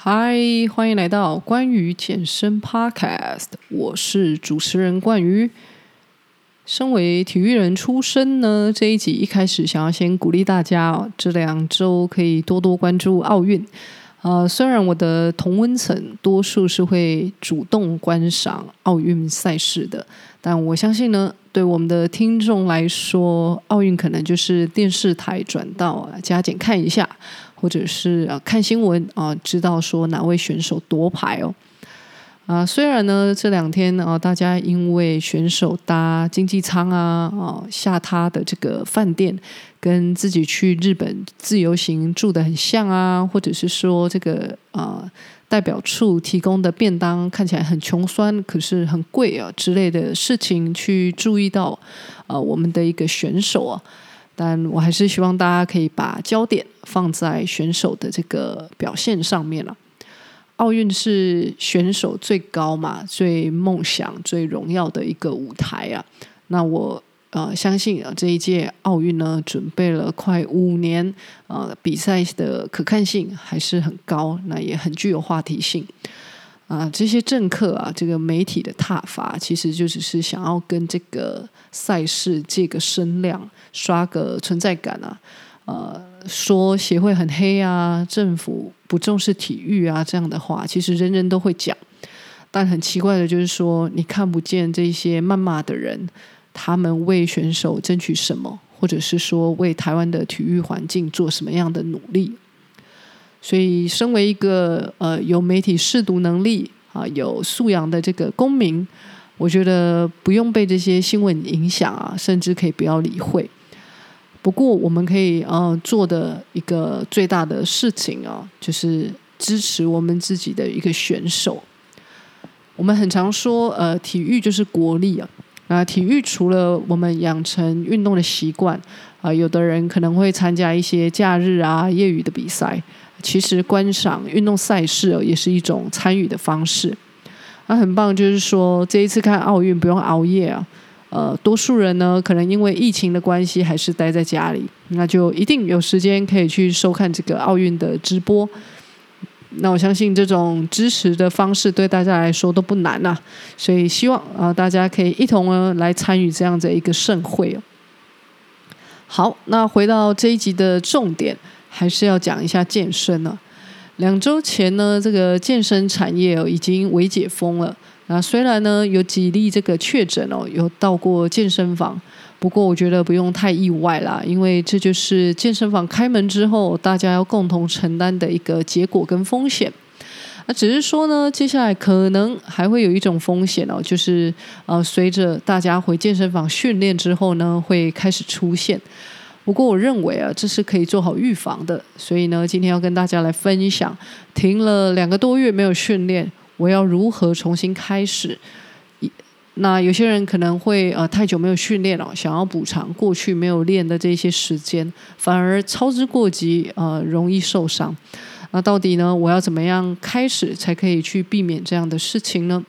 嗨，歡迎來到關於健身 Podcast。我是主持人冠宇。身為體育人出身呢，這一集一開始想要先鼓勵大家哦，這兩周可以多多關注奧運。呃，雖然我的同溫層多數是會主動觀賞奧運賽事的，但我相信呢。對我們的聽眾來說，奧運可能就是電視台轉到加減看一下，或者是啊、呃、看新聞啊、呃，知道說哪位選手奪牌哦。啊、呃，雖然呢這兩天啊、呃，大家因為選手搭經濟艙啊、啊、呃、下榻的這個飯店跟自己去日本自由行住得很像啊，或者是說這個啊。呃代表處提供的便當看起來很窮酸，可是很貴啊之類的事情去注意到，呃，我們的一個選手啊，但我還是希望大家可以把焦點放在選手的這個表現上面了、啊。奧運是選手最高嘛、最夢想、最榮耀的一個舞台啊。那我。呃，相信啊，這一屆奧運呢，準備了快五年，呃，比賽的可看性還是很高，那也很具有話題性。啊、呃，這些政客啊，這個媒體的撻伐，其實就只是想要跟這個賽事借個聲量刷個存在感啊。呃，說協會很黑啊，政府不重視體育啊，這樣的話，其實人人都會講。但很奇怪的就是說，你看不見這些謾罵的人，他們為選手爭取什麼，或者是說為台灣的體育環境做什麼樣的努力？所以，身為一個呃有媒體識讀能力啊、呃、有素養的這個公民，我覺得不用被這些新聞影響啊，甚至可以不要理會。不過，我們可以呃做的一個最大的事情啊，就是支持我們自己的一個選手。我們很常說，呃，體育就是國力啊。啊，體育除了我們養成運動的習慣，啊、呃，有的人可能會參加一些假日啊業餘的比賽，其實觀賞運動賽事、啊、也是一種參與的方式。那很棒，就是說這一次看奧運不用熬夜啊。呃，多數人呢可能因為疫情的關係還是待在家裡，那就一定有時間可以去收看這個奧運的直播。那我相信這種支持的方式對大家來說都不難吶、啊，所以希望啊大家可以一同呢來參與這樣的一個盛會哦。好，那回到這一集的重點，還是要講一下健身呢、啊。兩周前呢，這個健身產業已經微解封了。那、啊、雖然呢有幾例這個確診哦，有到過健身房，不過我覺得不用太意外啦，因為這就是健身房開門之後大家要共同承擔的一個結果跟風險。那、啊、只是說呢，接下來可能還會有一種風險哦，就是呃隨着大家回健身房訓練之後呢，會開始出現。不過我認為啊，這是可以做好預防的，所以呢，今天要跟大家來分享，停了兩個多月沒有訓練。我要如何重新開始？那有些人可能會呃太久沒有訓練了，想要補償過去沒有練的這些時間，反而操之過急，呃，容易受傷。那到底呢，我要怎麼樣開始才可以去避免這樣的事情呢？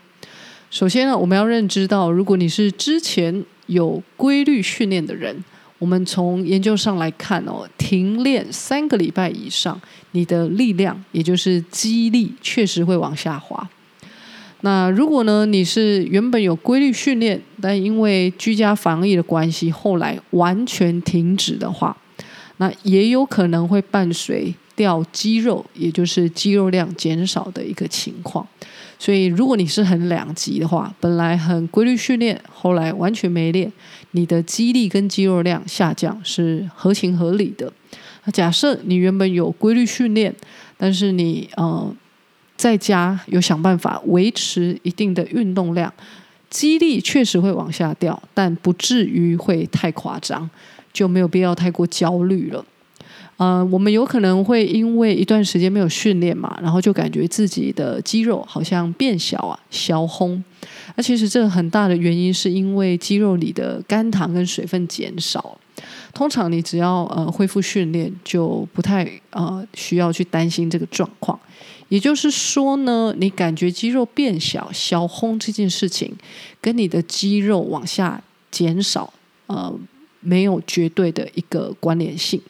首先呢，我們要認知到，如果你是之前有規律訓練的人，我們從研究上來看哦，停練三個禮拜以上，你的力量也就是肌力確實會往下滑。那如果呢，你是原本有規律訓練，但因為居家防疫的關係，後來完全停止的話，那也有可能會伴隨掉肌肉，也就是肌肉量減少的一個情況。所以，如果你是很兩極的話，本來很規律訓練，後來完全沒練，你的肌力跟肌肉量下降是合情合理的。那假設你原本有規律訓練，但是你呃，嗯在家有想辦法維持一定的運動量，肌力確實會往下掉，但不至於會太誇張，就沒有必要太過焦慮了。呃，我們有可能會因為一段時間沒有訓練嘛，然後就感覺自己的肌肉好像變小啊，消風。而其實這很大的原因是因為肌肉裡的肝糖跟水分減少。通常你只要呃恢復訓練，就不太呃需要去擔心這個狀況。也就是說呢，你感覺肌肉變小、消風這件事情，跟你的肌肉往下減少呃沒有絕對的一個關聯性。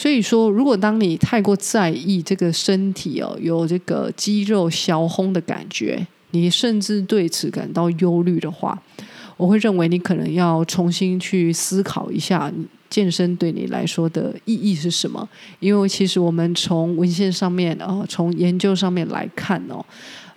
所以說，如果當你太過在意這個身體哦，有這個肌肉消風的感覺，你甚至對此感到憂慮的話，我會認為你可能要重新去思考一下，健身對你來說的意義是什麼。因為其實我們從文獻上面啊，從研究上面來看哦，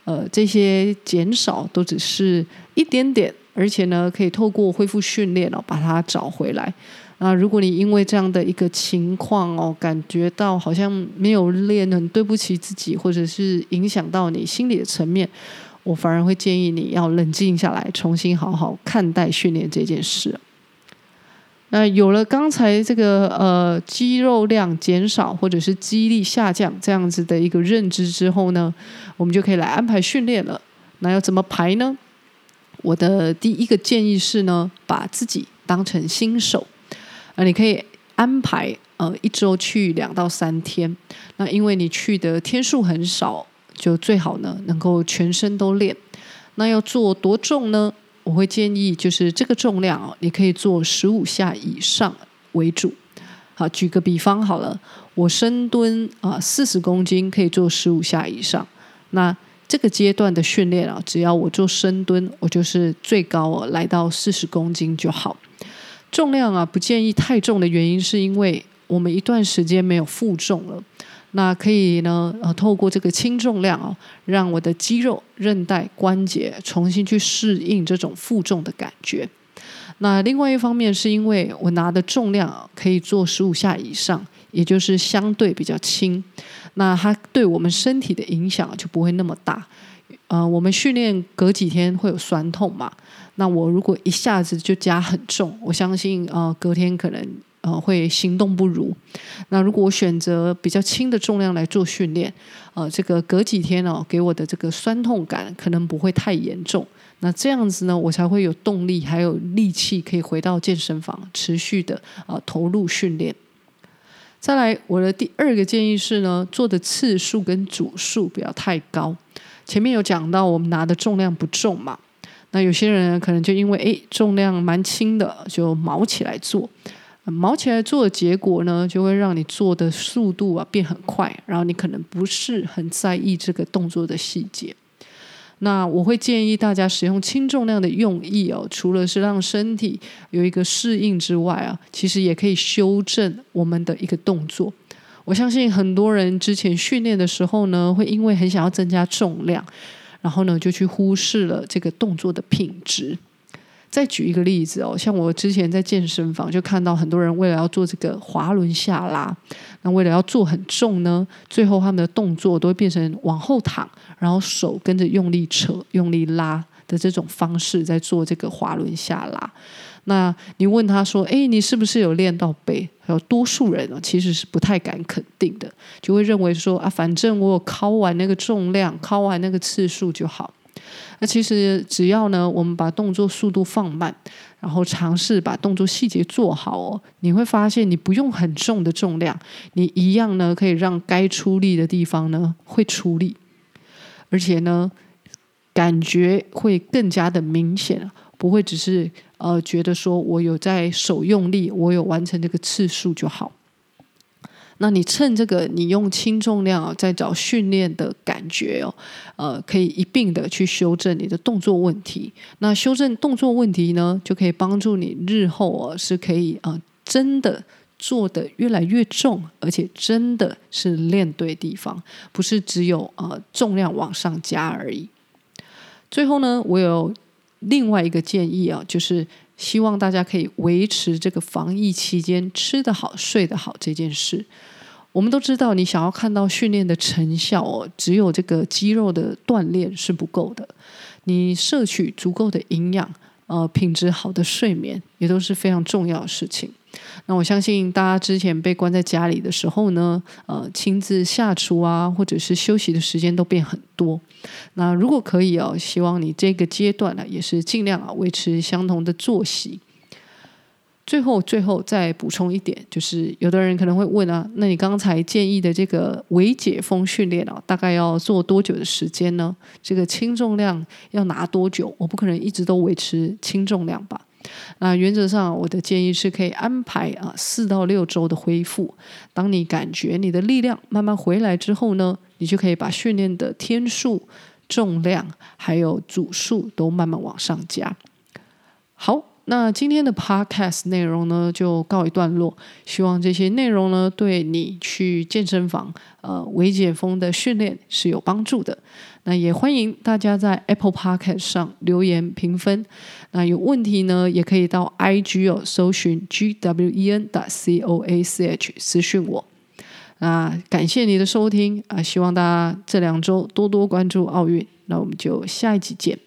呃，這些減少都只是一點點，而且呢，可以透過恢復訓練哦，把它找回來。那如果你因為這樣的一個情況哦，感覺到好像沒有練，很對不起自己，或者是影響到你心理的層面，我反而會建議你要冷靜下來，重新好好看待訓練這件事。那有了剛才這個呃肌肉量減少或者是肌力下降這樣子的一個認知之後呢，我們就可以來安排訓練了。那要怎麼排呢？我的第一個建議是呢，把自己當成新手。那你可以安排呃一週去兩到三天，那因為你去的天數很少，就最好呢能夠全身都練。那要做多重呢？我會建議就是這個重量哦，你可以做十五下以上為主。好，舉個比方好了，我深蹲啊四十公斤可以做十五下以上。那這個階段的訓練啊，只要我做深蹲，我就是最高啊來到四十公斤就好。重量啊，不建議太重的原因，是因為我們一段時間沒有負重了。那可以呢，呃，透過這個輕重量哦，讓我的肌肉、韌帶、關節重新去適應這種負重的感覺。那另外一方面，是因為我拿的重量可以做十五下以上，也就是相對比較輕，那它對我們身體的影響就不會那麼大。呃，我們訓練隔幾天會有痠痛嘛？那我如果一下子就加很重，我相信呃隔天可能呃會行動不如。那如果我選擇比較輕的重量來做訓練，呃，這個隔幾天哦，給我的這個痠痛感可能不會太嚴重。那這樣子呢，我才會有動力還有力氣可以回到健身房持續的呃投入訓練。再來，我的第二個建議是呢，做的次數跟組數不要太高。前面有講到，我們拿的重量不重嘛，那有些人可能就因為誒重量蠻輕的，就毛起來做，毛起來做的結果呢，就會讓你做的速度啊變很快，然後你可能不是很在意這個動作的細節。那我會建議大家使用輕重量的用意哦，除了是讓身體有一個適應之外啊，其實也可以修正我們的一個動作。我相信很多人之前訓練的時候呢，會因為很想要增加重量，然後呢就去忽視了這個動作的品質。再舉一個例子哦，像我之前在健身房就看到很多人為了要做這個滑輪下拉，那為了要做很重呢，最後他們的動作都會變成往後躺，然後手跟着用力扯，用力拉的這種方式在做這個滑輪下拉。那你問他說：“哎，你是不是有練到背？”還有多數人啊，其實是不太敢肯定的，就會認為說啊，反正我有敲完那個重量，敲完那個次數就好。那其實只要呢，我們把動作速度放慢，然後嘗試把動作細節做好哦，你會發現你不用很重的重量，你一樣呢可以讓該出力的地方呢會出力，而且呢，感覺會更加的明顯。不會只是呃，覺得說我有在手用力，我有完成這個次數就好。那你趁這個，你用輕重量啊、哦，在找訓練的感覺哦，呃，可以一併的去修正你的動作問題。那修正動作問題呢，就可以幫助你日後啊、哦，是可以啊、呃，真的做得越來越重，而且真的是練對地方，不是只有呃重量往上加而已。最後呢，我有。另外一個建議啊，就是希望大家可以維持這個防疫期間吃得好、睡得好這件事。我們都知道，你想要看到訓練的成效哦，只有這個肌肉的鍛鍊是不夠的，你攝取足夠的營養，呃，品質好的睡眠也都是非常重要的事情。那我相信大家之前被關在家裡的時候呢，呃，親自下廚啊，或者是休息的時間都變很多。那如果可以哦，希望你這個階段呢、啊，也是盡量啊維持相同的作息。最後，最後再補充一點，就是有的人可能會問啊，那你剛才建議的這個微解封訓練啊，大概要做多久的時間呢？這個輕重量要拿多久？我不可能一直都維持輕重量吧。那原則上，我的建議是可以安排啊四到六週的恢復。當你感覺你的力量慢慢回來之後呢，你就可以把訓練的天數、重量還有組數都慢慢往上加。好。那今天的 Podcast 內容呢，就告一段落。希望這些內容呢，對你去健身房呃微解封的訓練是有幫助的。那也歡迎大家在 Apple Podcast 上留言評分。那有問題呢，也可以到 IG、哦、搜尋 G W E N. dot C O A C H 私訊我。那感謝你的收聽啊，希望大家這兩週多多關注奧運。那我們就下一集見。